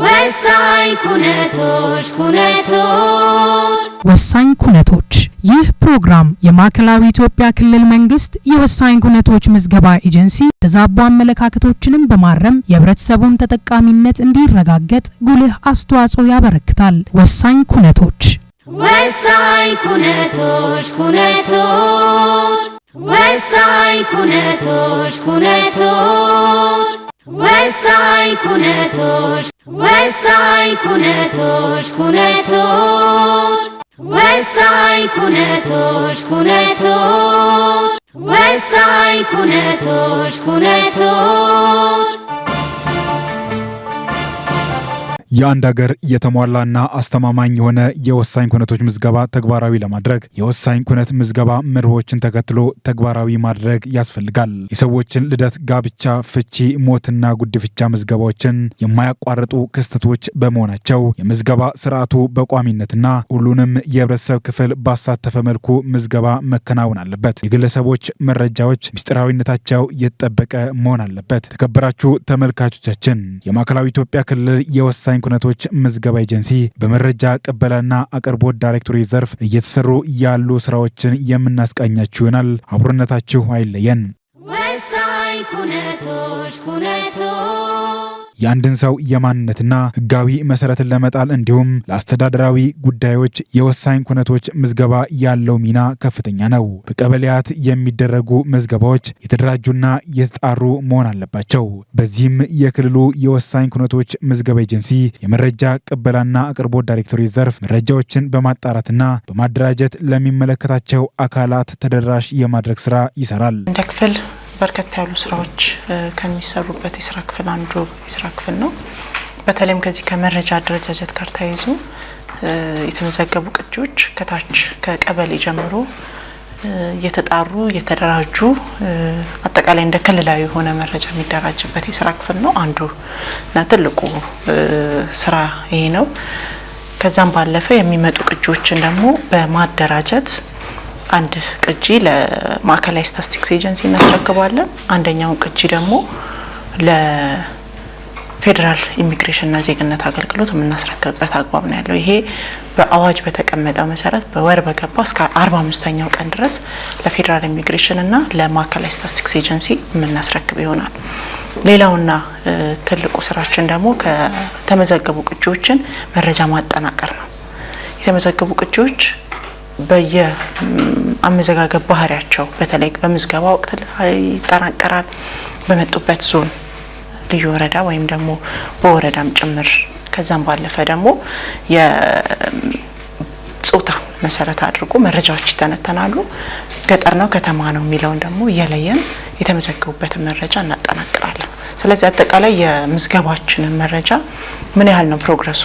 ወሳኝ ኩነቶች ኩነቶች ወሳኝ ኩነቶች ይህ ፕሮግራም የማዕከላዊ ኢትዮጵያ ክልል መንግስት የወሳኝ ኩነቶች ምዝገባ ኤጀንሲ ተዛባ አመለካከቶችንም በማረም የህብረተሰቡን ተጠቃሚነት እንዲረጋገጥ ጉልህ አስተዋጽኦ ያበረክታል። ወሳኝ ኩነቶች ወሳኝ ኩነቶች ኩነቶች ወሳኝ ኩነቶች ኩነቶች ወሳኝ ኩነቶች ወሳኝ ኩነቶች ኩነቶች ወሳኝ ኩነቶች ኩነቶች ወሳኝ ኩነቶች ኩነቶች የአንድ ሀገር የተሟላና አስተማማኝ የሆነ የወሳኝ ኩነቶች ምዝገባ ተግባራዊ ለማድረግ የወሳኝ ኩነት ምዝገባ መርሆችን ተከትሎ ተግባራዊ ማድረግ ያስፈልጋል። የሰዎችን ልደት፣ ጋብቻ፣ ፍቺ፣ ሞትና ጉድፍቻ ምዝገባዎችን የማያቋርጡ ክስተቶች በመሆናቸው የምዝገባ ስርዓቱ በቋሚነትና ሁሉንም የህብረተሰብ ክፍል ባሳተፈ መልኩ ምዝገባ መከናወን አለበት። የግለሰቦች መረጃዎች ምስጢራዊነታቸው የተጠበቀ መሆን አለበት። ተከበራችሁ ተመልካቾቻችን የማዕከላዊ ኢትዮጵያ ክልል የወሳኝ ወሳኝ ኩነቶች ምዝገባ ኤጀንሲ በመረጃ ቅበላና አቅርቦት ዳይሬክቶሬት ዘርፍ እየተሰሩ ያሉ ስራዎችን የምናስቃኛችሁ ይሆናል። አብሮነታችሁ አይለየን። ወሳኝ ኩነቶች ኩነቶች የአንድን ሰው የማንነትና ህጋዊ መሰረትን ለመጣል እንዲሁም ለአስተዳደራዊ ጉዳዮች የወሳኝ ኩነቶች ምዝገባ ያለው ሚና ከፍተኛ ነው። በቀበሌያት የሚደረጉ ምዝገባዎች የተደራጁና የተጣሩ መሆን አለባቸው። በዚህም የክልሉ የወሳኝ ኩነቶች ምዝገባ ኤጀንሲ የመረጃ ቅበላና አቅርቦት ዳይሬክቶሬት ዘርፍ መረጃዎችን በማጣራትና በማደራጀት ለሚመለከታቸው አካላት ተደራሽ የማድረግ ስራ ይሰራል። እንደ ክፍል በርከት ያሉ ስራዎች ከሚሰሩበት የስራ ክፍል አንዱ የስራ ክፍል ነው። በተለይም ከዚህ ከመረጃ አደረጃጀት ጋር ተያይዞ የተመዘገቡ ቅጂዎች ከታች ከቀበሌ ጀምሮ እየተጣሩ እየተደራጁ አጠቃላይ እንደ ክልላዊ የሆነ መረጃ የሚደራጅበት የስራ ክፍል ነው አንዱ እና ትልቁ ስራ ይሄ ነው። ከዛም ባለፈ የሚመጡ ቅጂዎችን ደግሞ በማደራጀት አንድ ቅጂ ለማዕከላዊ ስታስቲክስ ኤጀንሲ እናስረክባለን። አንደኛውን ቅጂ ደግሞ ለፌዴራል ኢሚግሬሽንና ዜግነት አገልግሎት የምናስረክብበት አግባብ ነው ያለው። ይሄ በአዋጅ በተቀመጠው መሰረት በወር በገባ እስከ አርባ አምስተኛው ቀን ድረስ ለፌዴራል ኢሚግሬሽንና ለማዕከላዊ ስታስቲክስ ኤጀንሲ የምናስረክብ ይሆናል። ሌላውና ትልቁ ስራችን ደግሞ ከተመዘገቡ ቅጂዎችን መረጃ ማጠናቀር ነው። የተመዘገቡ ቅጂዎች በየአመዘጋገብ ባህሪያቸው በተለይ በምዝገባ ወቅት ይጠናቀራል። በመጡበት ዞን ልዩ ወረዳ ወይም ደግሞ በወረዳም ጭምር ከዛም ባለፈ ደግሞ የጾታ መሰረት አድርጎ መረጃዎች ይተነተናሉ። ገጠር ነው ከተማ ነው የሚለውን ደግሞ እየለየን የተመዘገቡበትን መረጃ እናጠናቅራለን። ስለዚህ አጠቃላይ የምዝገባችንን መረጃ ምን ያህል ነው ፕሮግረሱ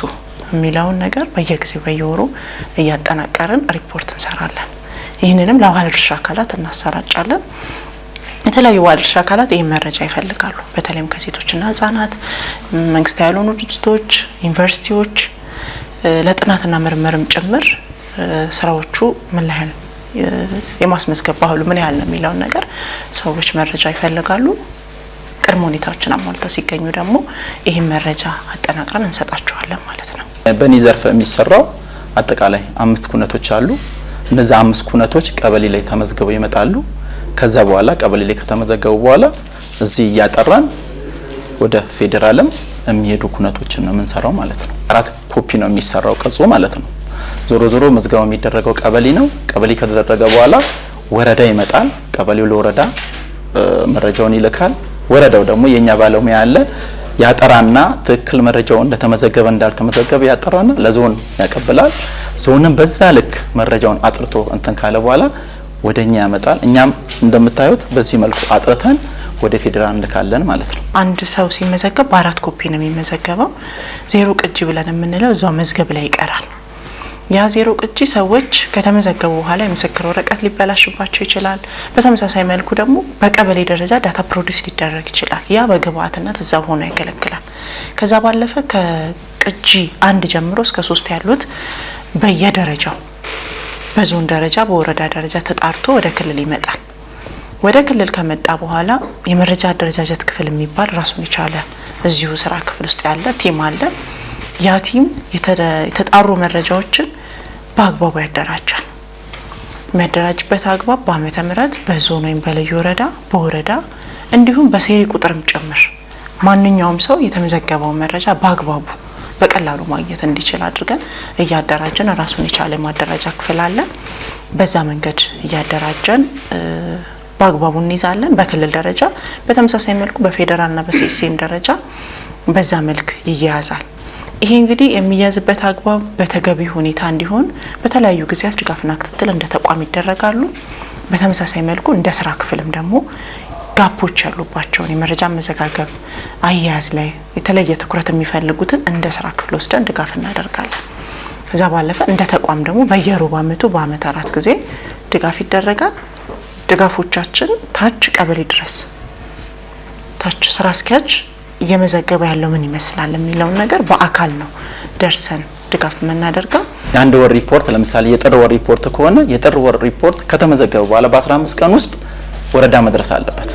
የሚለውን ነገር በየጊዜው በየወሩ እያጠናቀርን ሪፖርት እንሰራለን። ይህንንም ለባለድርሻ አካላት እናሰራጫለን። የተለያዩ ባለድርሻ አካላት ይህን መረጃ ይፈልጋሉ። በተለይም ከሴቶችና ህጻናት፣ መንግስታዊ ያልሆኑ ድርጅቶች፣ ዩኒቨርሲቲዎች ለጥናትና ምርምርም ጭምር ስራዎቹ ምን ያህል የማስመዝገብ ባህሉ ምን ያህል ነው የሚለውን ነገር ሰዎች መረጃ ይፈልጋሉ። ቅድመ ሁኔታዎችን አሟልተው ሲገኙ ደግሞ ይህን መረጃ አጠናቅረን እንሰጣቸዋለን ማለት ነው። በእኔ ዘርፍ የሚሰራው አጠቃላይ አምስት ኩነቶች አሉ። እነዚህ አምስት ኩነቶች ቀበሌ ላይ ተመዝግበው ይመጣሉ። ከዛ በኋላ ቀበሌ ላይ ከተመዘገቡ በኋላ እዚህ እያጠራን ወደ ፌዴራልም የሚሄዱ ኩነቶችን ነው የምንሰራው ማለት ነው። አራት ኮፒ ነው የሚሰራው ቅጹ ማለት ነው። ዞሮ ዞሮ ምዝገባ የሚደረገው ቀበሌ ነው። ቀበሌ ከተደረገ በኋላ ወረዳ ይመጣል። ቀበሌው ለወረዳ መረጃውን ይልካል። ወረዳው ደግሞ የእኛ ባለሙያ አለ ያጠራና ትክክል መረጃው እንደተመዘገበ እንዳልተመዘገበ ያጠራና ለዞን ያቀብላል። ዞንም በዛ ልክ መረጃውን አጥርቶ እንትን ካለ በኋላ ወደ እኛ ያመጣል። እኛም እንደምታዩት በዚህ መልኩ አጥርተን ወደ ፌዴራል እንልካለን ማለት ነው። አንድ ሰው ሲመዘገብ በአራት ኮፒ ነው የሚመዘገበው። ዜሮ ቅጂ ብለን የምንለው እዛው መዝገብ ላይ ይቀራል። የዜሮ ቅጂ ሰዎች ከተመዘገቡ በኋላ የምስክር ወረቀት ሊበላሽባቸው ይችላል። በተመሳሳይ መልኩ ደግሞ በቀበሌ ደረጃ ዳታ ፕሮዲስ ሊደረግ ይችላል። ያ በግብአትነት እዛው ሆኖ ያገለግላል። ከዛ ባለፈ ከቅጂ አንድ ጀምሮ እስከ ሶስት ያሉት በየደረጃው በዞን ደረጃ በወረዳ ደረጃ ተጣርቶ ወደ ክልል ይመጣል። ወደ ክልል ከመጣ በኋላ የመረጃ አደረጃጀት ክፍል የሚባል ራሱን የቻለ እዚሁ ስራ ክፍል ውስጥ ያለ ቲም አለ። ያ ቲም የተጣሩ መረጃዎችን በአግባቡ ያደራጃል። የሚያደራጅበት አግባብ በአመተ ምሕረት በዞን ወይም በልዩ ወረዳ በወረዳ እንዲሁም በሴሪ ቁጥርም ጭምር ማንኛውም ሰው የተመዘገበውን መረጃ በአግባቡ በቀላሉ ማግኘት እንዲችል አድርገን እያደራጀን ራሱን የቻለ ማደራጃ ክፍል አለን። በዛ መንገድ እያደራጀን በአግባቡ እንይዛለን። በክልል ደረጃ በተመሳሳይ መልኩ በፌዴራልና በሴሴም ደረጃ በዛ መልክ ይያያዛል። ይሄ እንግዲህ የሚያዝበት አግባብ በተገቢ ሁኔታ እንዲሆን በተለያዩ ጊዜያት ድጋፍና ክትትል እንደ ተቋም ይደረጋሉ። በተመሳሳይ መልኩ እንደ ስራ ክፍልም ደግሞ ጋፖች ያሉባቸውን የመረጃ መዘጋገብ አያያዝ ላይ የተለየ ትኩረት የሚፈልጉትን እንደ ስራ ክፍል ወስደን ድጋፍ እናደርጋለን። ከዛ ባለፈ እንደ ተቋም ደግሞ በየሩብ ዓመቱ በአመት አራት ጊዜ ድጋፍ ይደረጋል። ድጋፎቻችን ታች ቀበሌ ድረስ ታች ስራ አስኪያጅ እየመዘገበ ያለው ምን ይመስላል የሚለውን ነገር በአካል ነው ደርሰን ድጋፍ የምናደርገው። የአንድ ወር ሪፖርት ለምሳሌ የጥር ወር ሪፖርት ከሆነ የጥር ወር ሪፖርት ከተመዘገበ በኋላ በ15 ቀን ውስጥ ወረዳ መድረስ አለበት።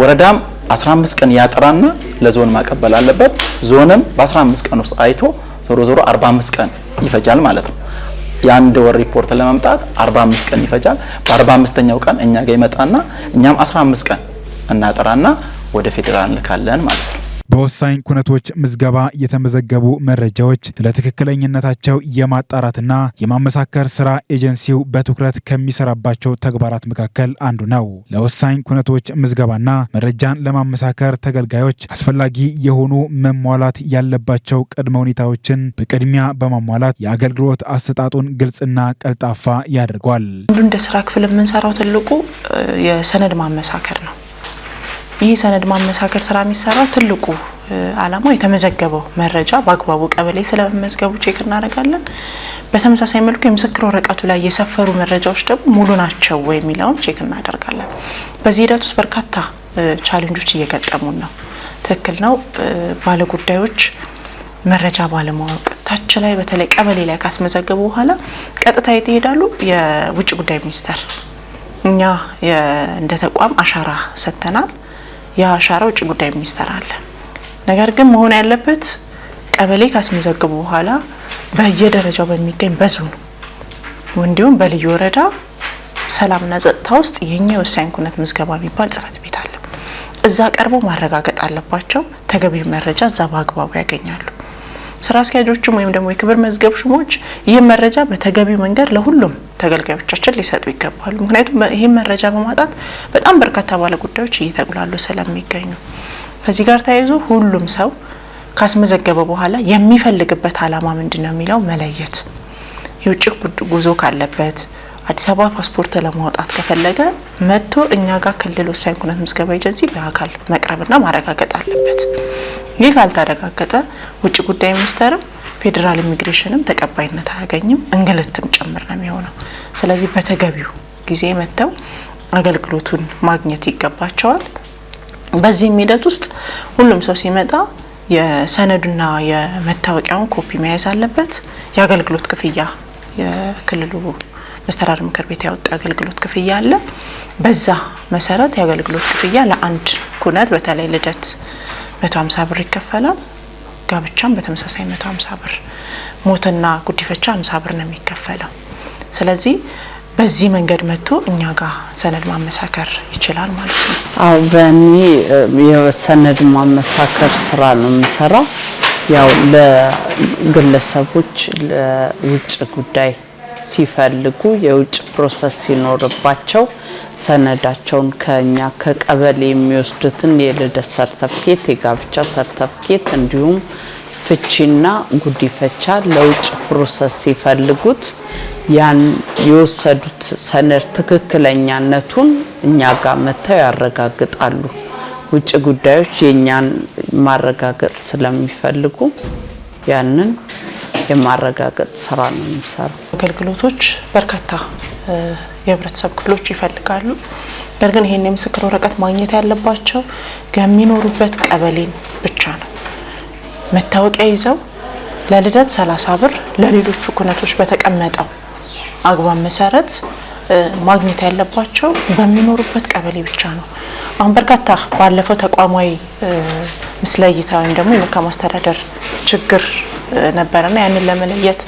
ወረዳም 15 ቀን ያጠራና ለዞን ማቀበል አለበት። ዞንም በ15 ቀን ውስጥ አይቶ ዞሮ ዞሮ 45 ቀን ይፈጃል ማለት ነው። የአንድ ወር ሪፖርት ለመምጣት 45 ቀን ይፈጃል። በ45ኛው ቀን እኛ ጋር ይመጣና እኛም 15 ቀን እናጠራና ወደ ፌዴራል እንልካለን ማለት ነው። በወሳኝ ኩነቶች ምዝገባ የተመዘገቡ መረጃዎች ስለ ትክክለኝነታቸው የማጣራትና የማመሳከር ስራ ኤጀንሲው በትኩረት ከሚሰራባቸው ተግባራት መካከል አንዱ ነው። ለወሳኝ ኩነቶች ምዝገባና መረጃን ለማመሳከር ተገልጋዮች አስፈላጊ የሆኑ መሟላት ያለባቸው ቅድመ ሁኔታዎችን በቅድሚያ በማሟላት የአገልግሎት አሰጣጡን ግልጽና ቀልጣፋ ያደርጓል። አንዱ እንደ ስራ ክፍል የምንሰራው ትልቁ የሰነድ ማመሳከር ነው። ይህ ሰነድ ማመሳከር ስራ የሚሰራው ትልቁ አላማው የተመዘገበው መረጃ በአግባቡ ቀበሌ ስለመመዝገቡ ቼክ እናደርጋለን። በተመሳሳይ መልኩ የምስክር ወረቀቱ ላይ የሰፈሩ መረጃዎች ደግሞ ሙሉ ናቸው ወይ የሚለውን ቼክ እናደርጋለን። በዚህ ሂደት ውስጥ በርካታ ቻሌንጆች እየገጠሙን ነው። ትክክል ነው። ባለጉዳዮች መረጃ ባለማወቅ ታች ላይ በተለይ ቀበሌ ላይ ካስመዘገቡ በኋላ ቀጥታ የት ይሄዳሉ? የውጭ ጉዳይ ሚኒስቴር እኛ እንደ ተቋም አሻራ ሰጥተናል። የአሻራ ውጭ ጉዳይ ሚኒስቴር አለ። ነገር ግን መሆን ያለበት ቀበሌ ካስመዘግቡ በኋላ በየደረጃው በሚገኝ በዞኑ እንዲሁም በልዩ ወረዳ ሰላምና ጸጥታ ውስጥ የኛ የወሳኝ ኩነት ምዝገባ የሚባል ጽሕፈት ቤት አለ። እዛ ቀርቦ ማረጋገጥ አለባቸው። ተገቢው መረጃ እዛ በአግባቡ ያገኛሉ። ስራ አስኪያጆችም ወይም ደግሞ የክብር መዝገብ ሹሞች ይህ መረጃ በተገቢው መንገድ ለሁሉም ተገልጋዮቻችን ሊሰጡ ይገባሉ። ምክንያቱም ይህም መረጃ በማጣት በጣም በርካታ ባለጉዳዮች እየተጉላሉ ስለሚገኙ ከዚህ ጋር ተያይዞ ሁሉም ሰው ካስመዘገበ በኋላ የሚፈልግበት ዓላማ ምንድን ነው የሚለው መለየት የውጭ ጉዞ ካለበት አዲስ አበባ ፓስፖርት ለማውጣት ከፈለገ መጥቶ እኛ ጋር ክልል ወሳኝ ኩነት ምዝገባ ኤጀንሲ በአካል መቅረብና ማረጋገጥ አለበት። ይህ ካልተረጋገጠ ውጭ ጉዳይ ሚኒስቴርም ፌዴራል ኢሚግሬሽንም ተቀባይነት አያገኝም፣ እንግልትም ጭምር ነው የሚሆነው። ስለዚህ በተገቢው ጊዜ መጥተው አገልግሎቱን ማግኘት ይገባቸዋል። በዚህም ሂደት ውስጥ ሁሉም ሰው ሲመጣ የሰነዱና የመታወቂያውን ኮፒ መያዝ አለበት። የአገልግሎት ክፍያ የክልሉ መስተዳድር ምክር ቤት ያወጣ አገልግሎት ክፍያ አለ። በዛ መሰረት የአገልግሎት ክፍያ ለአንድ ኩነት በተለይ ልደት መቶ ሀምሳ ብር ይከፈላል። ጋብቻም በተመሳሳይ 150 ብር፣ ሞትና ጉዲፈቻ 50 ብር ነው የሚከፈለው። ስለዚህ በዚህ መንገድ መጥቶ እኛ ጋር ሰነድ ማመሳከር ይችላል ማለት ነው። አዎ በእኔ የሰነድ ማመሳከር ስራ ነው የምሰራው። ያው ለግለሰቦች ለውጭ ጉዳይ ሲፈልጉ የውጭ ፕሮሰስ ሲኖርባቸው ሰነዳቸውን ከኛ ከቀበሌ የሚወስዱትን የልደት ሰርተፍኬት፣ የጋብቻ ሰርተፍኬት እንዲሁም ፍቺና ጉዲፈቻ ለውጭ ፕሮሰስ ሲፈልጉት ያን የወሰዱት ሰነድ ትክክለኛነቱን እኛ ጋር መጥተው ያረጋግጣሉ። ውጭ ጉዳዮች የእኛን ማረጋገጥ ስለሚፈልጉ ያንን የማረጋገጥ ስራ ነው የሚሰራው። አገልግሎቶች በርካታ የህብረተሰብ ክፍሎች ይፈልጋሉ። ነገር ግን ይህን የምስክር ወረቀት ማግኘት ያለባቸው የሚኖሩበት ቀበሌን ብቻ ነው። መታወቂያ ይዘው ለልደት 30 ብር ለሌሎቹ ኩነቶች በተቀመጠው አግባብ መሰረት ማግኘት ያለባቸው በሚኖሩበት ቀበሌ ብቻ ነው። አሁን በርካታ ባለፈው ተቋማዊ ምስለ እይታ ወይም ደግሞ የመልካም አስተዳደር ችግር ነበረና ያንን ለመለየት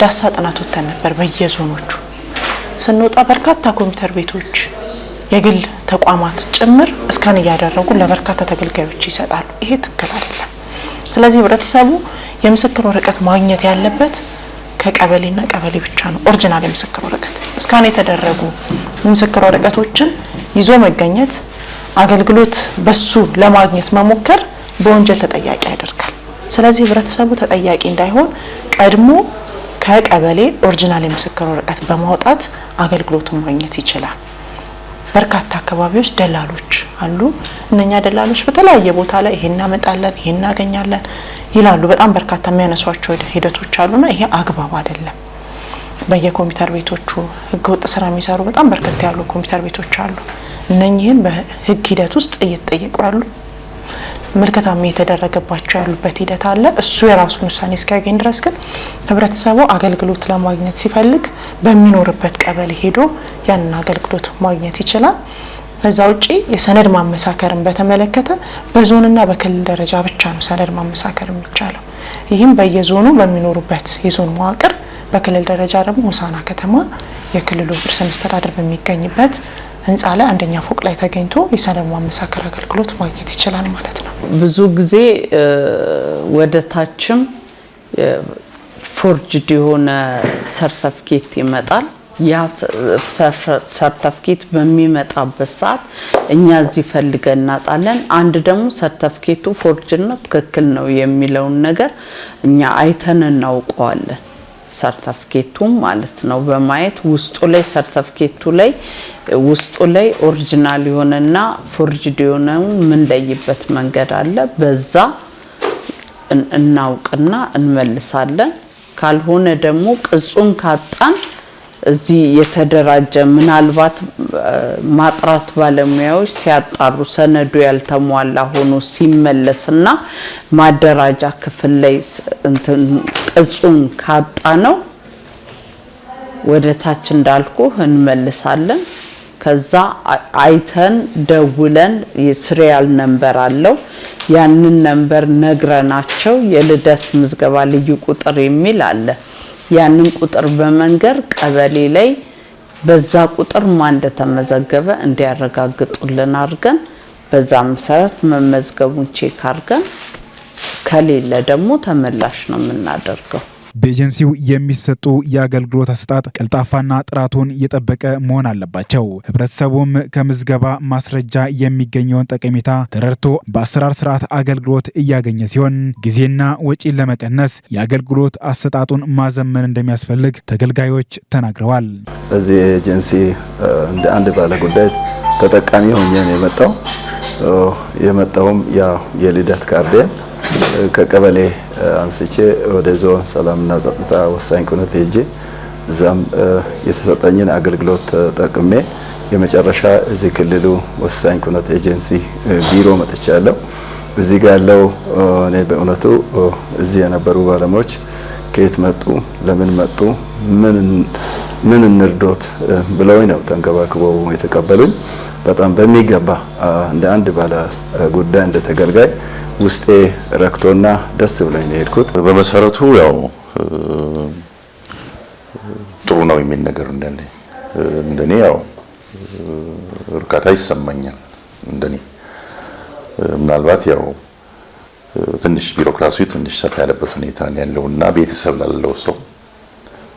ዳሳ ጥናት ወተን ነበር። በየዞኖቹ ስንወጣ በርካታ ኮምፒውተር ቤቶች፣ የግል ተቋማት ጭምር እስካን እያደረጉ ለበርካታ ተገልጋዮች ይሰጣሉ። ይሄ ትክክል አይደለም። ስለዚህ ህብረተሰቡ የምስክር ወረቀት ማግኘት ያለበት ከቀበሌና ቀበሌ ብቻ ነው። ኦሪጂናል የምስክር ወረቀት እስካን የተደረጉ የምስክር ወረቀቶችን ይዞ መገኘት አገልግሎት በሱ ለማግኘት መሞከር በወንጀል ተጠያቂ ያደርጋል። ስለዚህ ህብረተሰቡ ተጠያቂ እንዳይሆን ቀድሞ ከቀበሌ ኦሪጂናል የምስክር ወረቀት በማውጣት አገልግሎቱን ማግኘት ይችላል። በርካታ አካባቢዎች ደላሎች አሉ። እነኛ ደላሎች በተለያየ ቦታ ላይ ይሄ እናመጣለን፣ ይሄን እናገኛለን ይላሉ። በጣም በርካታ የሚያነሷቸው ሂደቶች አሉና ይሄ አግባብ አይደለም። በየኮምፒውተር ቤቶቹ ህገ ወጥ ስራ የሚሰሩ በጣም በርከት ያሉ ኮምፒውተር ቤቶች አሉ። እነኚህን በህግ ሂደት ውስጥ እየተጠየቁ ያሉ ምልከታም የተደረገባቸው ያሉበት ሂደት አለ። እሱ የራሱን ውሳኔ እስኪያገኝ ድረስ ግን ህብረተሰቡ አገልግሎት ለማግኘት ሲፈልግ በሚኖርበት ቀበሌ ሄዶ ያንን አገልግሎት ማግኘት ይችላል። ከዛ ውጪ የሰነድ ማመሳከርን በተመለከተ በዞንና በክልል ደረጃ ብቻ ነው ሰነድ ማመሳከር የሚቻለው። ይህም በየዞኑ በሚኖሩበት የዞን መዋቅር፣ በክልል ደረጃ ደግሞ ሆሳና ከተማ የክልሉ ርዕሰ መስተዳድር በሚገኝበት ህንፃ ላይ አንደኛ ፎቅ ላይ ተገኝቶ የሰነድ ማመሳከር አገልግሎት ማግኘት ይችላል ማለት ነው። ብዙ ጊዜ ወደ ታችም ፎርጅድ የሆነ ሰርተፍኬት ይመጣል። ያ ሰርተፍኬት በሚመጣበት ሰዓት እኛ እዚህ ፈልገን እናጣለን። አንድ ደግሞ ሰርተፍኬቱ ፎርጅድ ነው ትክክል ነው የሚለውን ነገር እኛ አይተን እናውቀዋለን። ሰርተፍኬቱ ማለት ነው በማየት ውስጡ ላይ ሰርተፍኬቱ ላይ ውስጡ ላይ ኦሪጂናል የሆነና ፎርጅድ የሆነ የምንለይበት መንገድ አለ። በዛ እናውቅና እንመልሳለን። ካልሆነ ደግሞ ቅጹን ካጣን እዚህ የተደራጀ ምናልባት ማጥራት ባለሙያዎች ሲያጣሩ ሰነዱ ያልተሟላ ሆኖ ሲመለስና ማደራጃ ክፍል ላይ ቅጹን ካጣ ነው ወደ ታች እንዳልኩ እንመልሳለን። ከዛ አይተን ደውለን የስሪያል ነንበር አለው ያንን ነንበር ነግረናቸው የልደት ምዝገባ ልዩ ቁጥር የሚል አለ ያንን ቁጥር በመንገር ቀበሌ ላይ በዛ ቁጥር ማን እንደተመዘገበ እንዲያረጋግጡልን አድርገን በዛ መሰረት መመዝገቡን ቼክ አድርገን ከሌለ ደግሞ ተመላሽ ነው የምናደርገው። በኤጀንሲው የሚሰጡ የአገልግሎት አሰጣጥ ቀልጣፋና ጥራቱን የጠበቀ መሆን አለባቸው። ህብረተሰቡም ከምዝገባ ማስረጃ የሚገኘውን ጠቀሜታ ተረድቶ በአሰራር ስርዓት አገልግሎት እያገኘ ሲሆን ጊዜና ወጪን ለመቀነስ የአገልግሎት አሰጣጡን ማዘመን እንደሚያስፈልግ ተገልጋዮች ተናግረዋል። በዚህ ኤጀንሲ እንደ አንድ ባለጉዳይ ተጠቃሚ ሆኜ ነው የመጣው የመጣውም ያው የልደት ካርዴን ከቀበሌ አንስቼ ወደ ዞን ሰላምና ጸጥታ ወሳኝ ኩነት ሄጄ እዛም የተሰጠኝን አገልግሎት ተጠቅሜ የመጨረሻ እዚህ ክልሉ ወሳኝ ኩነት ኤጀንሲ ቢሮ መጥቻለሁ። እዚህ ጋር ያለው እኔ በእውነቱ እዚህ የነበሩ ባለሙያዎች ከየት መጡ፣ ለምን መጡ፣ ምን እንርዶት ብለውኝ ነው ተንከባክበው የተቀበሉኝ። በጣም በሚገባ እንደ አንድ ባለ ጉዳይ እንደ ተገልጋይ ውስጤ ረክቶና ደስ ብሎኝ ነው የሄድኩት። በመሰረቱ ያው ጥሩ ነው የሚል ነገር እንደኔ እንደኔ ያው እርካታ ይሰማኛል። እንደኔ ምናልባት ያው ትንሽ ቢሮክራሲው ትንሽ ሰፋ ያለበት ሁኔታ ያለው እና ቤተሰብ ላለው ሰው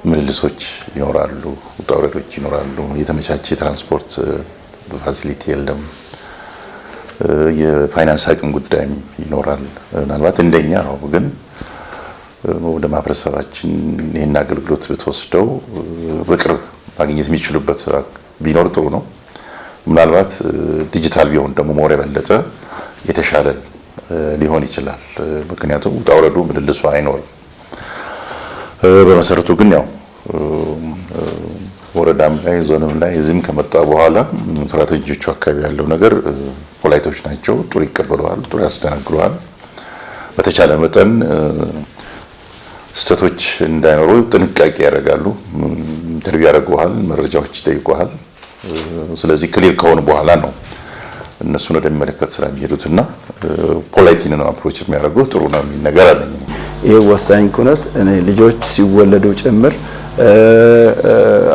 ምልልሶች ይኖራሉ፣ ውጣ ይኖራሉ። የተመቻቸ የትራንስፖርት ፋሲሊቲ የለም። የፋይናንስ አቅም ጉዳይም ይኖራል። ምናልባት እንደኛ ግን ወደ ማህበረሰባችን ይህን አገልግሎት ብትወስደው በቅርብ ማግኘት የሚችሉበት ቢኖር ጥሩ ነው። ምናልባት ዲጂታል ቢሆን ደግሞ ሞር የበለጠ የተሻለ ሊሆን ይችላል። ምክንያቱም ውጣ ውረዱ ምልልሱ አይኖርም። በመሰረቱ ግን ያው ወረዳም ላይ ዞንም ላይ እዚህም ከመጣ በኋላ ሰራተኞቹ አካባቢ ያለው ነገር ፖላይቶች ናቸው። ጥሩ ይቀበለዋል፣ ጥሩ ያስተናግረዋል። በተቻለ መጠን ስህተቶች እንዳይኖሩ ጥንቃቄ ያደርጋሉ። ኢንተርቪው ያደርጉሃል፣ መረጃዎች ይጠይቁሃል። ስለዚህ ክሊር ከሆኑ በኋላ ነው እነሱን ወደሚመለከት ስራ የሚሄዱትና ፖላይቲንን አፕሮች የሚያደርጉት ጥሩ ነው የሚል ነገር አለኝ። ይሄ ወሳኝ ኩነት እኔ ልጆች ሲወለዱ ጭምር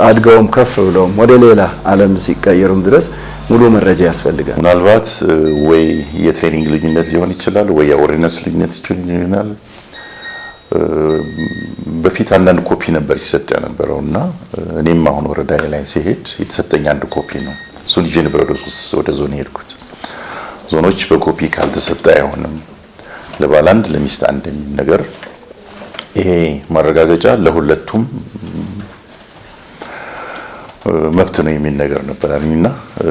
አድገውም ከፍ ብለውም ወደ ሌላ ዓለም ሲቀየሩም ድረስ ሙሉ መረጃ ያስፈልጋል። ምናልባት ወይ የትሬኒንግ ልጅነት ሊሆን ይችላል፣ ወይ የአወሬነስ ልጅነት ይችላል። በፊት አንዳንድ ኮፒ ነበር ሲሰጥ የነበረው እና እኔም አሁን ወረዳ ላይ ሲሄድ የተሰጠኝ አንድ ኮፒ ነው። እሱን ይዤ ነበር ወደ ዞን የሄድኩት። ዞኖች በኮፒ ካልተሰጠ አይሆንም። ለባል አንድ ለሚስት አንድ የሚል ነገር ይሄ ማረጋገጫ ለሁለቱም መብት ነው የሚል ነገር ነበር አሉኝና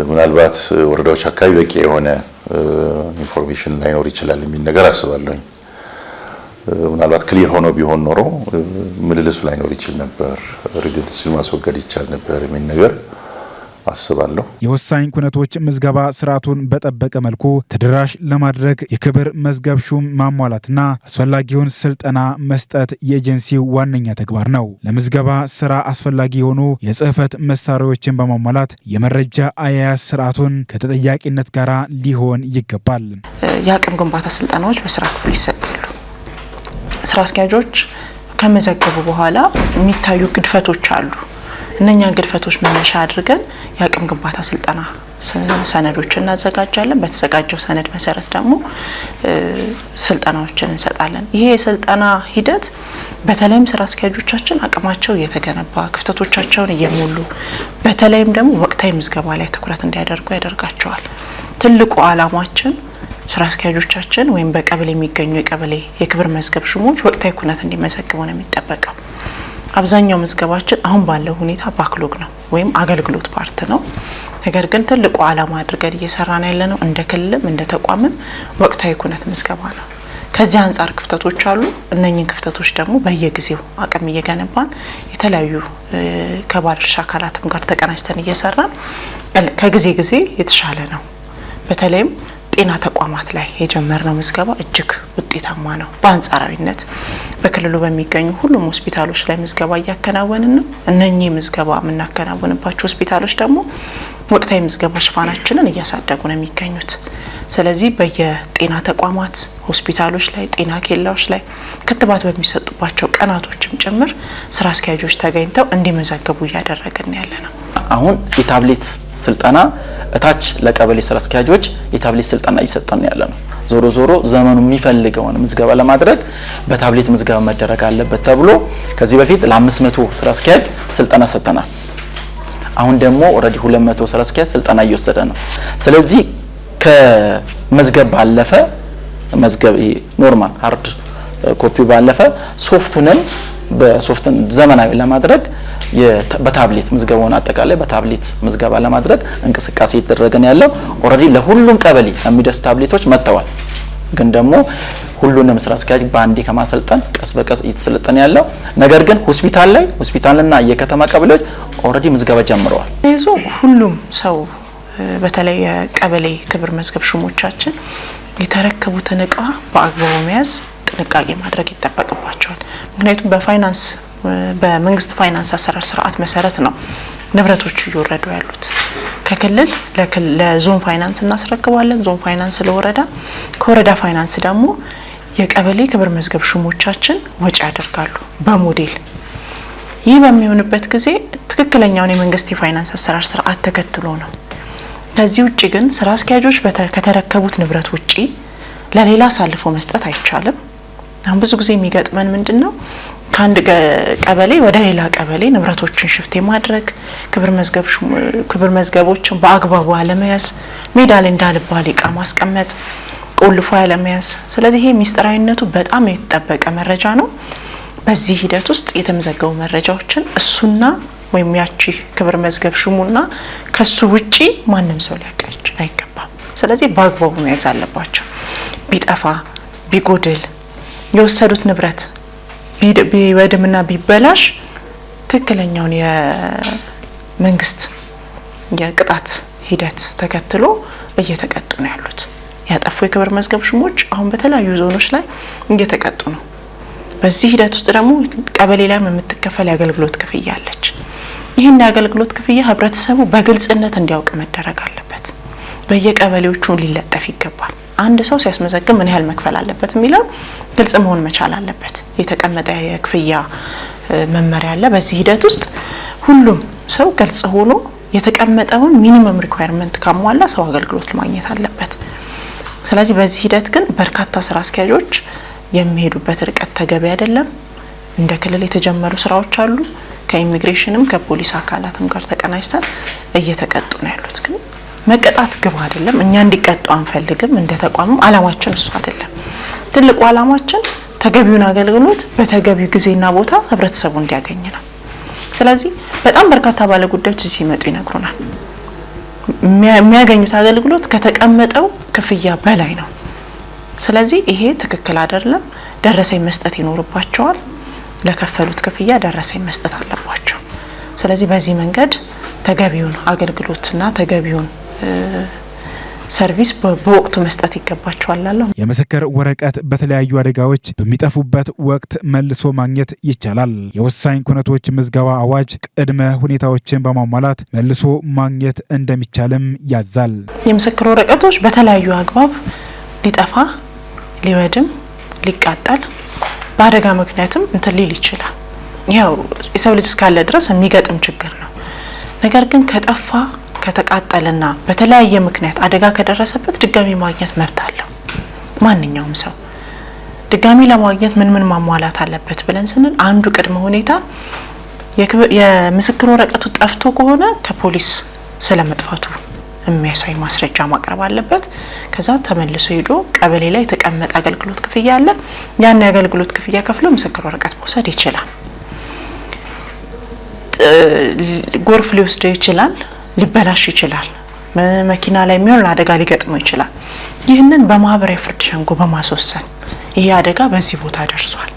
ምናልባት ወረዳዎች አካባቢ በቂ የሆነ ኢንፎርሜሽን ላይኖር ይችላል የሚል ነገር አስባለሁኝ። ምናልባት ክሊር ሆኖ ቢሆን ኖሮ ምልልሱ ላይኖር ይችል ነበር፣ ሪግድ ሲል ማስወገድ ይቻል ነበር የሚል ነገር አስባለሁ። የወሳኝ ኩነቶች ምዝገባ ስርዓቱን በጠበቀ መልኩ ተደራሽ ለማድረግ የክብር መዝገብ ሹም ማሟላትና አስፈላጊውን ስልጠና መስጠት የኤጀንሲው ዋነኛ ተግባር ነው። ለምዝገባ ስራ አስፈላጊ የሆኑ የጽህፈት መሳሪያዎችን በማሟላት የመረጃ አያያዝ ስርዓቱን ከተጠያቂነት ጋር ሊሆን ይገባል። የአቅም ግንባታ ስልጠናዎች በስራ ክፍል ይሰጣሉ። ስራ አስኪያጆች ከመዘገቡ በኋላ የሚታዩ ግድፈቶች አሉ። እነኛን ግድፈቶች መነሻ አድርገን የአቅም ግንባታ ስልጠና ሰነዶችን እናዘጋጃለን። በተዘጋጀው ሰነድ መሰረት ደግሞ ስልጠናዎችን እንሰጣለን። ይሄ የስልጠና ሂደት በተለይም ስራ አስኪያጆቻችን አቅማቸው እየተገነባ ክፍተቶቻቸውን እየሞሉ በተለይም ደግሞ ወቅታዊ ምዝገባ ላይ ትኩረት እንዲያደርጉ ያደርጋቸዋል። ትልቁ ዓላማችን ስራ አስኪያጆቻችን ወይም በቀበሌ የሚገኙ የቀበሌ የክብር መዝገብ ሹሞች ወቅታዊ ኩነት እንዲመዘግቡ ነው የሚጠበቀው። አብዛኛው ምዝገባችን አሁን ባለው ሁኔታ ባክሎግ ነው ወይም አገልግሎት ፓርት ነው። ነገር ግን ትልቁ ዓላማ አድርገን እየሰራን ያለ ነው እንደ ክልልም እንደ ተቋምም ወቅታዊ ኩነት ምዝገባ ነው። ከዚህ አንጻር ክፍተቶች አሉ። እነኝን ክፍተቶች ደግሞ በየጊዜው አቅም እየገነባን የተለያዩ ከባለድርሻ አካላትም ጋር ተቀናጅተን እየሰራን ከጊዜ ጊዜ የተሻለ ነው። በተለይም ጤና ተቋማት ላይ የጀመርነው ምዝገባ እጅግ ውጤታማ ነው። በአንጻራዊነት በክልሉ በሚገኙ ሁሉም ሆስፒታሎች ላይ ምዝገባ እያከናወንን ነው። እነኚህ ምዝገባ የምናከናውንባቸው ሆስፒታሎች ደግሞ ወቅታዊ ምዝገባ ሽፋናችንን እያሳደጉ ነው የሚገኙት። ስለዚህ በየጤና ተቋማት ሆስፒታሎች ላይ ጤና ኬላዎች ላይ ክትባት በሚሰጡባቸው ቀናቶችም ጭምር ስራ አስኪያጆች ተገኝተው እንዲመዘገቡ እያደረግን ያለ ነው። አሁን የታብሌት ስልጠና እታች ለቀበሌ ስራ አስኪያጆች የታብሌት ስልጠና እየሰጠ ነው ያለ ነው። ዞሮ ዞሮ ዘመኑ የሚፈልገውን ምዝገባ ለማድረግ በታብሌት ምዝገባ መደረግ አለበት ተብሎ ከዚህ በፊት ለ500 ስራ አስኪያጅ ስልጠና ሰጥተናል። አሁን ደግሞ ኦልሬዲ 200 ስራ አስኪያጅ ስልጠና እየወሰደ ነው። ስለዚህ ከመዝገብ ባለፈ መዝገብ ይሄ ኖርማል ሀርድ ኮፒ ባለፈ ሶፍቱንም በሶፍትን ዘመናዊ ለማድረግ በታብሌት ምዝገባውን አጠቃላይ በታብሌት ምዝገባ ለማድረግ እንቅስቃሴ እየተደረገን ያለው። ኦልሬዲ ለሁሉም ቀበሌ የሚደርስ ታብሌቶች መጥተዋል። ግን ደግሞ ሁሉንም ስራ አስኪያጅ በአንዴ ከማሰልጠን ቀስ በቀስ እየተሰለጠነ ያለው ነገር ግን ሆስፒታል ላይ ሆስፒታልና የከተማ ቀበሌዎች ኦልሬዲ ምዝገባ ጀምረዋል። ይዞ ሁሉም ሰው በተለይ የቀበሌ ክብር መዝገብ ሹሞቻችን የተረከቡትን እቃ በአግባቡ መያዝ ጥንቃቄ ማድረግ ይጠበቅባቸዋል። ምክንያቱም በፋይናንስ በመንግስት ፋይናንስ አሰራር ስርዓት መሰረት ነው ንብረቶቹ እየወረዱ ያሉት። ከክልል ለዞን ፋይናንስ እናስረክባለን። ዞን ፋይናንስ ለወረዳ፣ ከወረዳ ፋይናንስ ደግሞ የቀበሌ ክብር መዝገብ ሹሞቻችን ወጪ ያደርጋሉ በሞዴል። ይህ በሚሆንበት ጊዜ ትክክለኛውን የመንግስት የፋይናንስ አሰራር ስርዓት ተከትሎ ነው። ከዚህ ውጭ ግን ስራ አስኪያጆች ከተረከቡት ንብረት ውጪ ለሌላ አሳልፎ መስጠት አይቻልም። አሁን ብዙ ጊዜ የሚገጥመን ምንድን ነው? ከአንድ ቀበሌ ወደ ሌላ ቀበሌ ንብረቶችን ሽፍት የማድረግ ክብር መዝገቦችን በአግባቡ አለመያዝ፣ ሜዳ ላይ እንዳልባል እቃ ማስቀመጥ፣ ቆልፎ ያለመያዝ። ስለዚህ ይሄ ሚስጥራዊነቱ በጣም የተጠበቀ መረጃ ነው። በዚህ ሂደት ውስጥ የተመዘገቡ መረጃዎችን እሱና ወይም ያቺ ክብር መዝገብ ሹሙና ከሱ ውጪ ማንም ሰው ሊያቀጭ አይገባም። ስለዚህ በአግባቡ መያዝ አለባቸው። ቢጠፋ ቢጎድል የወሰዱት ንብረት ቢወድምና ቢበላሽ ትክክለኛውን የመንግስት የቅጣት ሂደት ተከትሎ እየተቀጡ ነው ያሉት። ያጠፉ የክብር መዝገብ ሹሞች አሁን በተለያዩ ዞኖች ላይ እየተቀጡ ነው። በዚህ ሂደት ውስጥ ደግሞ ቀበሌ ላይም የምትከፈል የአገልግሎት ክፍያ አለች። ይህን የአገልግሎት ክፍያ ህብረተሰቡ በግልጽነት እንዲያውቅ መደረግ አለ። በየቀበሌዎቹ ሊለጠፍ ይገባል። አንድ ሰው ሲያስመዘግብ ምን ያህል መክፈል አለበት የሚለው ግልጽ መሆን መቻል አለበት። የተቀመጠ የክፍያ መመሪያ አለ። በዚህ ሂደት ውስጥ ሁሉም ሰው ግልጽ ሆኖ የተቀመጠውን ሚኒመም ሪኳየርመንት ካሟላ ሰው አገልግሎት ማግኘት አለበት። ስለዚህ በዚህ ሂደት ግን በርካታ ስራ አስኪያጆች የሚሄዱበት ርቀት ተገቢ አይደለም። እንደ ክልል የተጀመሩ ስራዎች አሉ። ከኢሚግሬሽንም ከፖሊስ አካላትም ጋር ተቀናጅተን እየተቀጡ ነው ያሉት ግን መቀጣት ግብ አይደለም። እኛ እንዲቀጡ አንፈልግም። እንደ ተቋምም አላማችን እሱ አይደለም። ትልቁ አላማችን ተገቢውን አገልግሎት በተገቢው ጊዜና ቦታ ህብረተሰቡ እንዲያገኝ ነው። ስለዚህ በጣም በርካታ ባለጉዳዮች እዚህ ይመጡ ይነግሩናል። የሚያገኙት አገልግሎት ከተቀመጠው ክፍያ በላይ ነው። ስለዚህ ይሄ ትክክል አይደለም። ደረሰኝ መስጠት ይኖርባቸዋል። ለከፈሉት ክፍያ ደረሰኝ መስጠት አለባቸው። ስለዚህ በዚህ መንገድ ተገቢውን አገልግሎትና ተገቢውን ሰርቪስ በወቅቱ መስጠት ይገባቸዋል ላለሁ የምስክር ወረቀት በተለያዩ አደጋዎች በሚጠፉበት ወቅት መልሶ ማግኘት ይቻላል። የወሳኝ ኩነቶች ምዝገባ አዋጅ ቅድመ ሁኔታዎችን በማሟላት መልሶ ማግኘት እንደሚቻልም ያዛል። የምስክር ወረቀቶች በተለያዩ አግባብ ሊጠፋ፣ ሊወድም፣ ሊቃጠል በአደጋ ምክንያትም እንትን ሊል ይችላል። ያው የሰው ልጅ እስካለ ድረስ የሚገጥም ችግር ነው። ነገር ግን ከጠፋ ከተቃጠለና በተለያየ ምክንያት አደጋ ከደረሰበት ድጋሚ ማግኘት መብት አለው። ማንኛውም ሰው ድጋሚ ለማግኘት ምን ምን ማሟላት አለበት ብለን ስንል አንዱ ቅድመ ሁኔታ የምስክር ወረቀቱ ጠፍቶ ከሆነ ከፖሊስ ስለ መጥፋቱ የሚያሳይ ማስረጃ ማቅረብ አለበት። ከዛ ተመልሶ ሄዶ ቀበሌ ላይ የተቀመጠ አገልግሎት ክፍያ አለ። ያን የአገልግሎት ክፍያ ከፍሎ ምስክር ወረቀት መውሰድ ይችላል። ጎርፍ ሊወስደው ይችላል። ሊበላሽ ይችላል። መኪና ላይ የሚሆን አደጋ ሊገጥመው ይችላል። ይህንን በማህበራዊ ፍርድ ሸንጎ በማስወሰን ይሄ አደጋ በዚህ ቦታ ደርሷል፣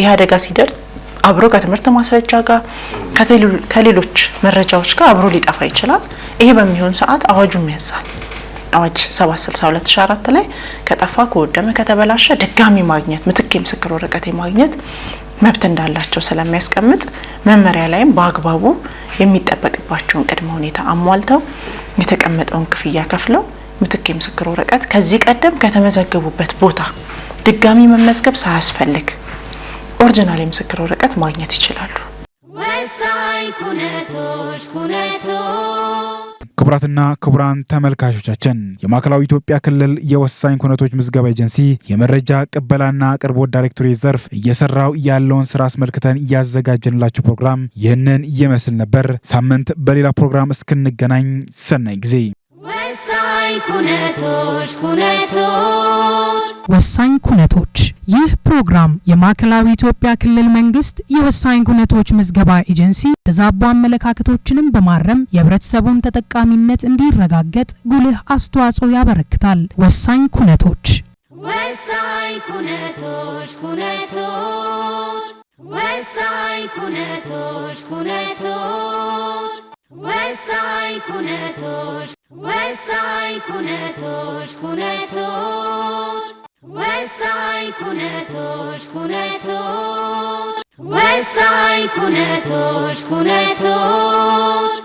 ይሄ አደጋ ሲደርስ አብሮ ከትምህርት ማስረጃ ጋር ከሌሎች መረጃዎች ጋር አብሮ ሊጠፋ ይችላል። ይሄ በሚሆን ሰዓት አዋጁም ያዛል። አዋጅ 764 ላይ ከጠፋ ከወደመ፣ ከተበላሸ ድጋሚ ማግኘት ምትክ የምስክር ወረቀት የማግኘት መብት እንዳላቸው ስለሚያስቀምጥ መመሪያ ላይም በአግባቡ የሚጠበቅ የሚገባቸውን ቅድመ ሁኔታ አሟልተው የተቀመጠውን ክፍያ ከፍለው ምትክ የምስክር ወረቀት ከዚህ ቀደም ከተመዘገቡበት ቦታ ድጋሚ መመዝገብ ሳያስፈልግ ኦሪጂናል የምስክር ወረቀት ማግኘት ይችላሉ። ወሳኝ ኩነቶች ኩነቶች ክቡራትና ክቡራን ተመልካቾቻችን የማዕከላዊ ኢትዮጵያ ክልል የወሳኝ ኩነቶች ምዝገባ ኤጀንሲ የመረጃ ቅበላና አቅርቦት ዳይሬክቶሬት ዘርፍ እየሰራው ያለውን ስራ አስመልክተን ያዘጋጀንላችሁ ፕሮግራም ይህንን ይመስል ነበር። ሳምንት በሌላ ፕሮግራም እስክንገናኝ ሰናይ ጊዜ። ወሳኝ ኩነቶች ኩነቶች ወሳኝ ኩነቶች ይህ ፕሮግራም የማዕከላዊ ኢትዮጵያ ክልል መንግስት የወሳኝ ኩነቶች ምዝገባ ኤጀንሲ ተዛቡ አመለካከቶችንም በማረም የህብረተሰቡን ተጠቃሚነት እንዲረጋገጥ ጉልህ አስተዋጽኦ ያበረክታል። ወሳኝ ኩነቶች ወሳኝ ኩነቶች ኩነቶች ወሳኝ ኩነቶች ኩነቶች ወሳኝ ኩነቶች ወሳኝ ኩነቶች ኩነቶች ወሳኝ ኩነቶች ኩነቶች ወሳኝ ኩነቶች ኩነቶች